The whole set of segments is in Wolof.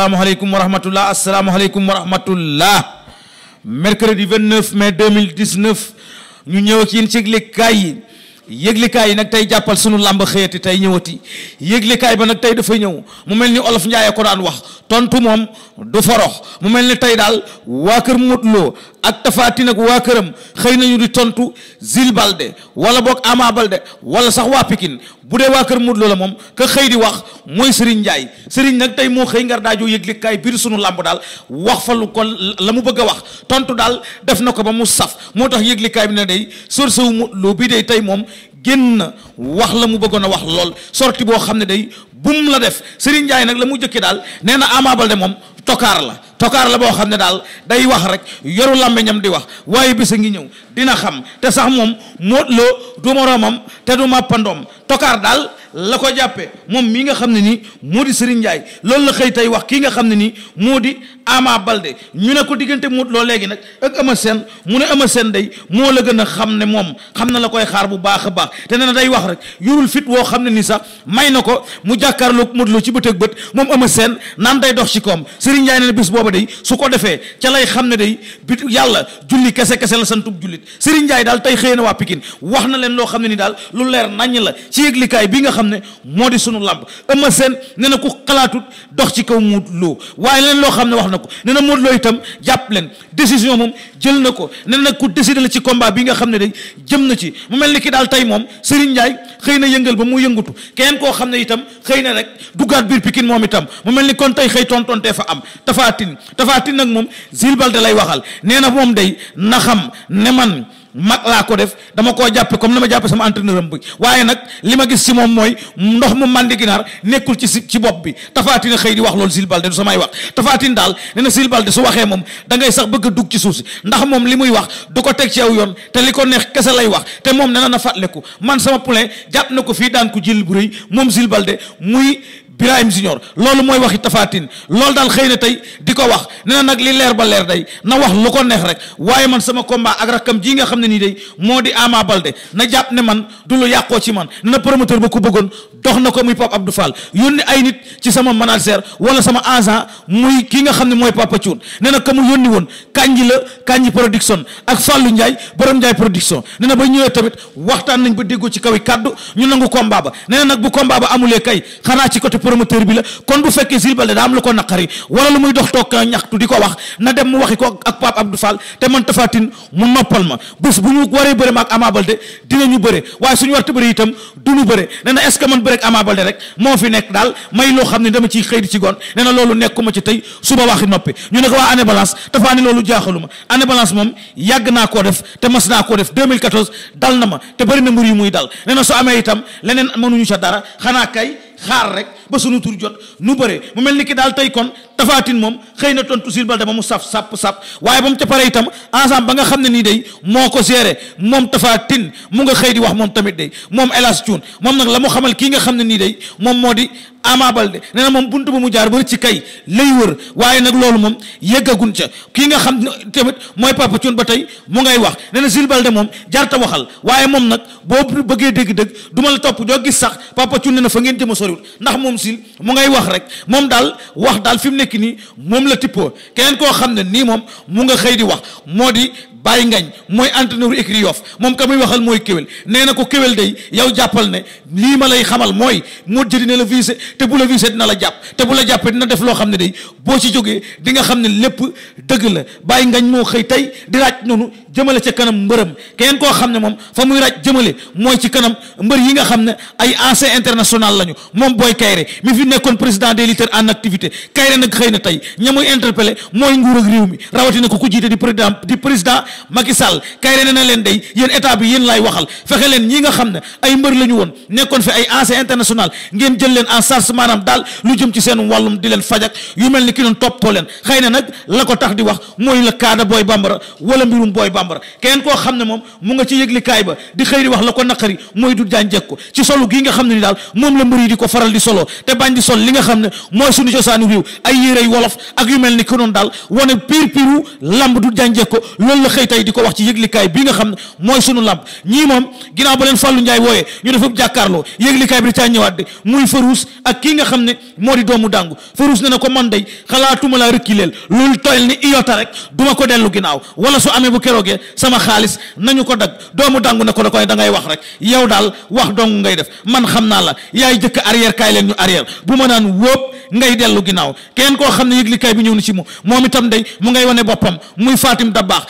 asalaamaaleykum wa rahmatullah asalaamaaleykum wa rahmatullah mercredi 29 mai 2019 ñu ñëw ak yéen ci yëglekaay yi yëglekaay yi nag tey jàppal suñu làmb xëyati tey ñëwati yëglekaay ba nag tey dafa ñëw mu mel ni olof njaayee ko daan wax tontu moom du forox mu mel ni tey daal waa kër Modou Lo ak tafaatin ak waa këram xëy nañu di tontu Zil Balde wala boog Ama Balde wala sax waa Pikine bu dee waa kër Modou Lo la moom ka xëy di wax mooy Serigne Ndiaye Serigne nag tey moo xëy ngar daajoo yëgle biir sunu làmb daal wax fa lu ko la mu bëgg a wax tontu daal def na ko ba mu saf moo tax yëgle bi ne day source wu Modou Lo bii day tey moom génn wax la mu bëggoon a wax lool sorti boo xam ne day bum la def Serigne Ndiaye nag la mu jëkkee daal nee na Ama Balde moom. tokaar la tokaar la boo xam ne daal day wax rek yoru làmmiñam di wax waaye bis a ngi ñëw dina xam te sax moom Modou Lo du moroomam te du màppandoom tokaar daal la ko jàppe moom mii nga xam ne nii moo di Serigne Ndiaye loolu la xëy tey wax kii nga xam ne nii moo di Ama Balde ñu ne ko diggante Modou loo léegi nag ak Ama seen mu ne Ama seen day moo la gën a xam ne moom xam na la koy xaar bu baax a baax te ne na day wax rek yorul fit woo xam ne nii sax may na ko mu jàkkaarloog Modou Lo ci bët ak moom Ama Sène naan day dox ci Serigne Ndiaye nee na bis booba day su ko defee ca lay xam ne day bi yàlla julli kese kese la santub jullit Serigne Ndiaye daal tey xëyee na waa Pikine wax na leen loo xam ne ni daal lu leer naññ la ci yëglikaay bi nga xam ne moo di sunu làmb Eumeu seen ne na ku xalaatu dox ci kaw Modou Lo waaye leen loo xam ne wax na ko nee na Modou loo itam jàpp leen décision moom jël na ko nee na ku décider la ci combat bi nga xam ne day jëm na ci mu mel ni ki daal tey moom Serigne Ndiaye xëy yëngal ba mu yëngutu keneen koo xam ne itam xëy na rek duggaat biir moom itam mu mel ni kon tey xëy tontontee fa am tafaatin tafaatin nag moom zilbal lay waxal nee na moom dey na xam ne man mag laa ko def dama koo jàppe comme ni ma jàppe sama entraîneur am bi waaye nag li ma gis ci moom mooy ndox mu màndi ginaar nekkul ci ci bopp bi tafaatina xëy di wax loolu Jules Baldé du samay wax tafaatin daal nee na Jules Baldé su waxee moom da sax bëgg dugg ci suuf si ndax moom li muy wax du ko teg ci aw yoon te li ko neex kese lay wax te moom nee na na fàttaliku man sama poulain jàpp na ko fii daan ko jël bu rëy moom Jules muy Birahim Junior loolu mooy waxi tafaatin loolu daal xëy na tey di ko wax nee na nag li leer ba leer dey na wax lu ko neex rek waaye man sama combat ak kam ji nga xam ne nii day moo di Ama Baldé na jàpp ne man du lu yàqoo ci man nee na promoteur ba ko bëggoon dox na ko muy Pape Abdou Fall yónni ay nit ci sama manager wala sama agent muy ki nga xam ne mooy Papa Thioune nee na ka mu yónni woon Kànji la Kànji production ak Fallou Ndiaye borom Ndiaye production ne na ba ñëwee tamit waxtaan nañ ba déggoo ci kaw yi kàddu ñu nangu combat ba ne na nag bu combat ba amulee kay promoteur bi la kon bu fekkee Jules daa am lu ko naqari wala lu muy dox toog ñaxtu di ko wax na dem mu waxi ko ak Pape Abdou Fall te man Tapha Tine mu noppal ma bés bu ñu waree bëre ma ak Ama dina dinañu bëre waaye suñu warte bëre itam duñu bëre nee na est-ce que man bëre ak Ama Baldé rek moo fi nekk daal may loo xam ne dama ciy xëy di ci goon nee na loolu nekkuma ci tey suba waxi noppi ñu ne ko waa année balance dafa ne loolu jaaxaluma année balance moom yàgg naa koo def te mas naa koo def 2014 dal na ma te bëri na mbir yu muy dal nee na soo amee itam leneen mënuñu ca dara xanaa kay xaar rek ba sunu tur jot nu bëre mu mel ni kii daal tey kon tafaatin moom xëy na tontu Jules Baldé ba mu saf sàpp sàpp waaye ba mu ca pare itam ensemble ba nga xam ne nii day moo ko géré moom tafaatin mu nga xëy di wax moom tamit day moom El Hadj moom nag la mu xamal kii nga xam ne nii day moom moo di Ama Baldé nee na moom bunt ba mu jaar ba ci kay lay wër waaye nag loolu moom yëggagun ca kii nga xam tamit mooy Papa Thion ba tey mu ngay wax nee na Jules Baldé moom jarta waxal waaye moom nag boo bëggee dégg-dëgg du la topp joo gis sax Papa Thion nee na fa ngeen jëm a soriwul ndax moom Jules mu ngay wax rek moom daal wax daal fi mu nekk nii moom la tippoo keneen koo xam ne nii moom mu nga xëy di wax moo di bàyyi ngañ mooy entraîneur écrit yoof moom ka muy waxal mooy kéwél nee na ko kéwél day yow jàppal ne lii ma lay xamal mooy moo jëri ne la visé te bu la visé dina la jàpp te bu la jàppee dina def loo xam ne day boo ci jógee di nga xam ne lépp dëgg la bàyyi ngañ moo xëy tey di laaj noonu jëmale ca kanam mbërëm keneen koo xam ne moom fa muy raj jëmale mooy ci kanam mbër yi nga xam ne ay ancien international lañu moom booy Kayre mi fi nekkoon président des lutteurs en activité Kayre nag xëy na tey ña muy interpellé mooy nguur ak réew mi rawatina ko ku jiite di président di président Macky Sall Kayre ne na leen dey yéen état bi yéen laay waxal fexe leen ñi nga xam ne ay mbër la ñu woon nekkoon fi ay ancien international ngeen jël leen en charge maanaam daal lu jëm ci seen wàllum di leen fajak yu mel ni ki doon toppoo leen xëy na nag la ko tax di wax mooy la kaada Boy Bambara wala mbirum Boy Bambara bambara keneen koo xam ne moom mu nga ci yëglikaay ba di xëy di la ko naqari mooy du jaan jekk ko ci solu gii nga xam ne ni daal moom la mbër yi ko faral di soloo te bañ di nga xam ne mooy suñu cosaanu la xëy tey di ko ñii moom ginnaaw ba leen Fallou Ndiaye wooyee ñu def jàkkaarloo yëglikaay bi di caa ñëwaat de muy Farouz ak kii nga xam ne moo di doomu dàngu Farouz ne na ko man day xalaatuma laa rëkki leel loolu toyel ni iyota rek duma ko dellu ginnaaw wala su amee bu keroogee joxe sama xaalis nañu ko dag doomu dàngu ne ko da koy da ngay wax rek yow daal wax dong ngay def man xam naa la yaay jëkk arrière kaay leen ñu arrière bu ma naan wóop ngay dellu ginnaaw kenn koo xam ne yëglikaay bi ñëw na ci mu moom itam day mu ngay wane boppam muy Fatim Dabaax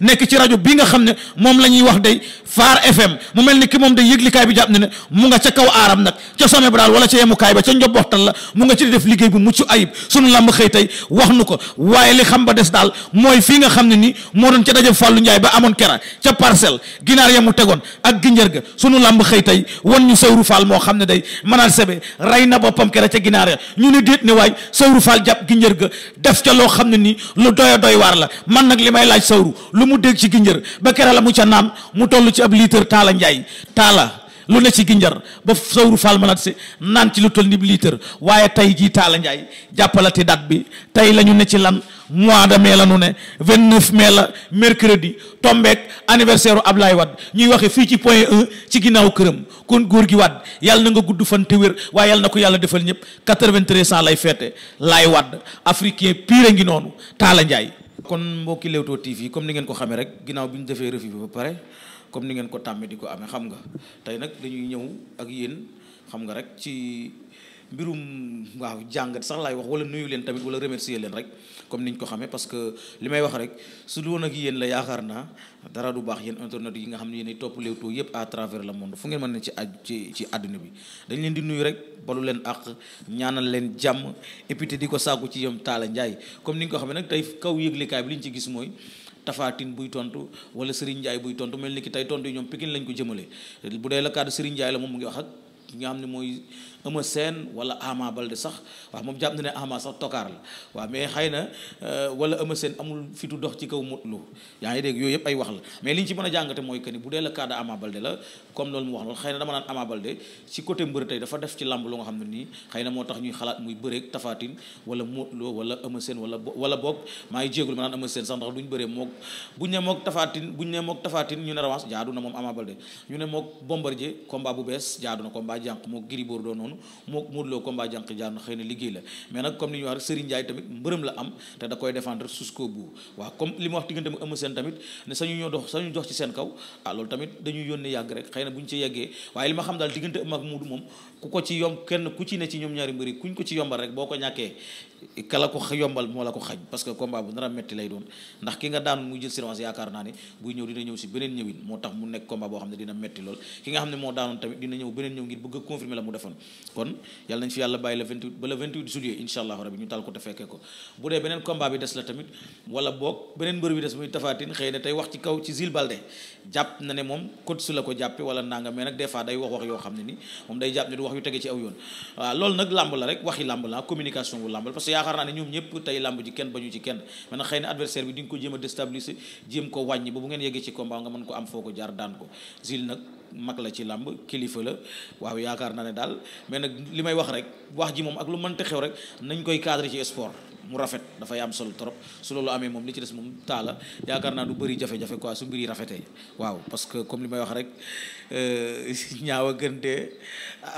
nekk ci rajo bi nga xam ne moom la ñuy wax day Far FM mu mel ni ki moom day yëglikaay bi jàpp ne ne mu nga ca kaw aaram nag ca sommet ba daal wala ca yemukaay ba ca njoboxtal la mu nga ci def liggéey bu mucc ayib sunu làmb xëy tey wax nu ko waaye li xam ba des daal mooy fii nga xam ne ni moo doon ca daje Fallou njaay ba amoon kera ca parcelle ginaar ya mu tegoon ak ginjër ga sunu làmb xëy tey wan ñu Sëwru Fall moo xam ne day manaat sebe rey na boppam kera ca ginaar ya ñu ne déet ne waay Sëwru Fall jàpp ginjër ga def ca loo xam ne nii lu doya doy waar la man nag li may laaj Sëwru lu mu dégg ci ginjër ba kera la mu ca naan mu toll ci ab litre taala Ndiaye taala lu ne ci ginjar ba sawru faal mënat si naan ci lu toll lii litre waaye tey jii Talla Ndiaye jàppalati date bi tey la ñu ne ci lan mois de mai la ñu ne vingt neuf mai la mercredi tombeek anniversaire ab Ablaye Wade ñuy waxe fii ci point un ci ginnaaw këram kon góor gi Wade yàlla na nga gudd fan te wér waaye yàlla na ko yàlla defal ñëpp quatre-vingt-treize ans lay feete laay Wade africain pire a ngi noonu Talla Ndiaye kon mbokki Leewtoo TV comme ni ngeen ko xamee rek ginnaaw bi ñu defee revue bi ba comme ni ngeen ko tàmmee di ko amee xam nga tey nag dañuy ñëw ak yéen xam nga rek ci mbirum waaw jàngat sax laay wax wala nuyu leen tamit wala remercier leen rek comme niñ ko xamee parce que li may wax rek su dul woon ak yéen la yaakaar naa dara du baax yéen internet yi nga xam ne yéen ay topp Leewtoo yëpp à travers le monde fu ngeen mën ne ci aj ci ci àdduna bi dañ leen di nuyu rek balu leen ak ñaanal leen jàmm et di ko sàkku ci yom Talla Ndiaye comme ni nga ko xamee nag tey kaw yëglekaay bi li ñu ci gis mooy tafaatin buy tontu wala Serigne njaay buy tontu mel ni ki tey tontu yi ñoom Pikine lañ ko jëmale bu dee la kaddu Serigne Ndiaye la moom mu ngi wax ak nga xam ne mooy Eumeu Sène wala Ama Baldé sax waaw moom jàpp la euh, la mais li ñu ci mën a jàngate mooy que ni bu la cas de Ama Baldé la comme loolu mu wax loolu xëy na dama ma naan Eumeu Sène sax ndax duñ bëree mook buñ ne mook tafaatin buñ ne mook tafaatin ñu ne revanche jaadu na moom Ama Baldé ñu ne mook Bombardier combat bu bees jaadu na combat jànq mook Gris Bordeaux noonu moo Modou Lo combat jànq jaan xëy na liggéey la mais nag comme li ñu wax rek Serigne Ndiaye tamit mbërëm la am te da koy défendre jusqu'au bout waaw comme li ma wax diggante mu Eumeu Sène tamit ne sañu ñoo dox sañu dox ci seen kaw ah loolu tamit dañuy yónnee yàgg rek xëy na bu ñu ci yeggee waaye li ma xam daal diggante Eumeu ak Modou moom ku ko ci yomb kenn ku ci ne ci ñoom ñaari mbëri kuñ ko ci yombal rek boo ko ñàkkee kala ko yombal moo la ko xaj parce que combat bu nara metti lay doon ndax ki ne buy ñëw dina ñëw si beneen ñëwin moo tax mu nekk combat boo xam ne dina metti lool ki nga xam ne moo kon yàlla nañ fi yàlla bàyyi le 28 ba le 28 juillet incha allahu rabi ñu tal ko te fekkee ko bu dee beneen combat bi des la tamit wala boog beneen mbër bi des muy tafaatin xëy na tey wax ci kaw ci Zil Balde jàpp na ne moom code la ko jàppe wala nanga mais nag des fois day wax wax yoo xam ne ni moom day jàpp ne du wax yu tege ci aw yoon waaw loolu nag làmb la rek waxi làmb la communication bu làmb la parce yaakaar naa ne ñoom ko a mag la ci làmb kilifa la waaw yaakaar naa ne daal mais nag li may wax rek wax ji moom ak lu mënta xew rek nañ koy cadre ci sport mu rafet dafay am solo trop su loolu amee moom li ci des moom taala yaakaar naa du bëri jafe-jafe quoi su mbir yi rafetee waaw parce que comme li may wax rek euh, ñaaw a gën dee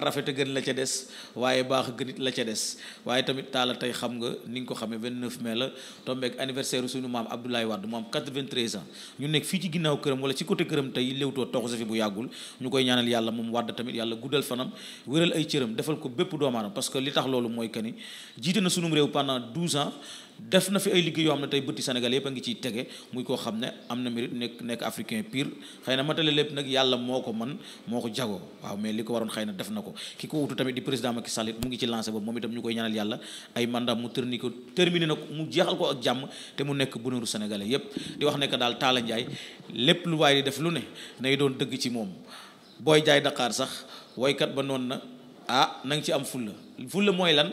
rafet a gën la ca des waaye baax a gënit la ca des waaye tamit taala tey xam nga ni nga ko xamee 29 mais la tombeek anniversaire suñu maam Abdoulaye moom mu am 93 ans ñu nekk fii ci ginnaaw këram wala ci côté këram tey léewtoo toxu sa fi bu yàggul ñu koy ñaanal yàlla moom Wade tamit yàlla guddal fanam wéral ay cëram ko bépp doomaanam parce que loolu mooy que ni ans def na fi ay liggéey yoo xam ne tey bëtti Sénégal yëpp a ngi ciy tege muy koo xam ne am na mérite nekk africain pire xëy na matale lépp nag yàlla moo ko man moo ko jagoo waaw mais li ko waroon xay na def na ko ki ko wutu tamit di président Macky Sall mu ngi ci lancé boobu moom itam ñu koy ñaanal yàlla ay mandat mu tërni na ko mu jeexal ko ak jàmm te mu nekk bonheuru sénégalais yépp di wax nekk daal Talla Ndiaye lépp lu waaye di def lu ne nay doon dëgg moom booy jaay Dakar sax woykat ba noonu na ah na nga ci am fulla fulla mooy lan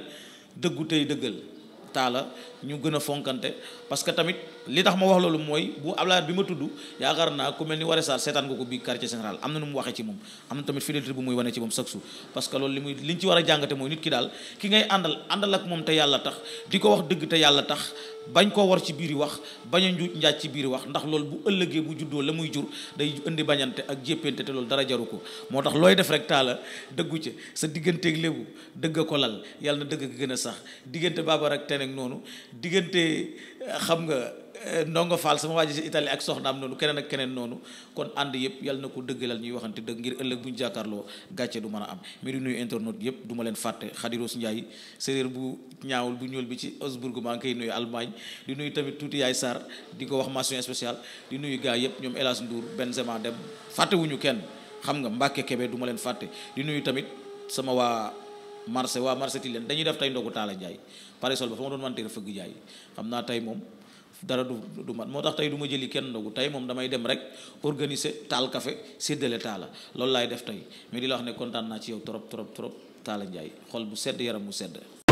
dëggu tey dëggal taala ñu gën a fonkante parce que tamit li tax ma wax loolu mooy bu Ablaye bi ma tudd yaakaar naa ku mel ni Waré Sarr seetaan nga ko bi quartier général am na nu mu waxee ci moom am na tamit fidélité bu muy wane ci moom chaque jour parce que li muy a jàngate mooy nit ki ngay àndal àndal ak moom te yàlla tax di ko wax dëgg te yàlla tax bañ koo war ci biir yi wax bañ a njuuj njaaj biir wax ndax loolu bu ëllëgee bu juddoo la muy jur day indi bañante ak jéppante te loolu dara jaru ko moo tax looy def rek taala dëggu ca sa digganteeg lébu dëgg a ko lal yàlla na dëgg a gën a sax diggante baabar ak teneg noonu diggante xam nga Eh, ndongo faal sama waa ji si Italie ak soxnaam noonu keneen ak keneen noonu kon ànd yëpp yal na ko dëggalal ñuy waxante dëgg ngir ëllëg bu ñu jàkkaarloo du mën a am mais di nuyu internautes yëpp du ma leen fàtte Khadiros Ndiaye séréer bu ñaawul bu ñuul bi ci Augsbourg maa ngi koy nuyu Allemagne di nuyu tamit tuuti yaay Sarr di ko wax mention spéciale di nuyu gars yëpp ñoom Elas Ndour Benzema dem fàttewuñu kenn xam nga Mbacke Kébé duma leen fàtte di nuyu tamit sama waa marché waa marché ti leen dañuy def tey ndogu Talla Ndiaye parisol ba fa ma doon jaay dara du du mat moo tax tey duma jëli kenn ndogu tey moom damay dem rek organiser taal café séddale taala lool laay def tey mais di la wax ne kontaan naa ci yow trop trop trop taala Njaay xol bu sedd yaram bu sedd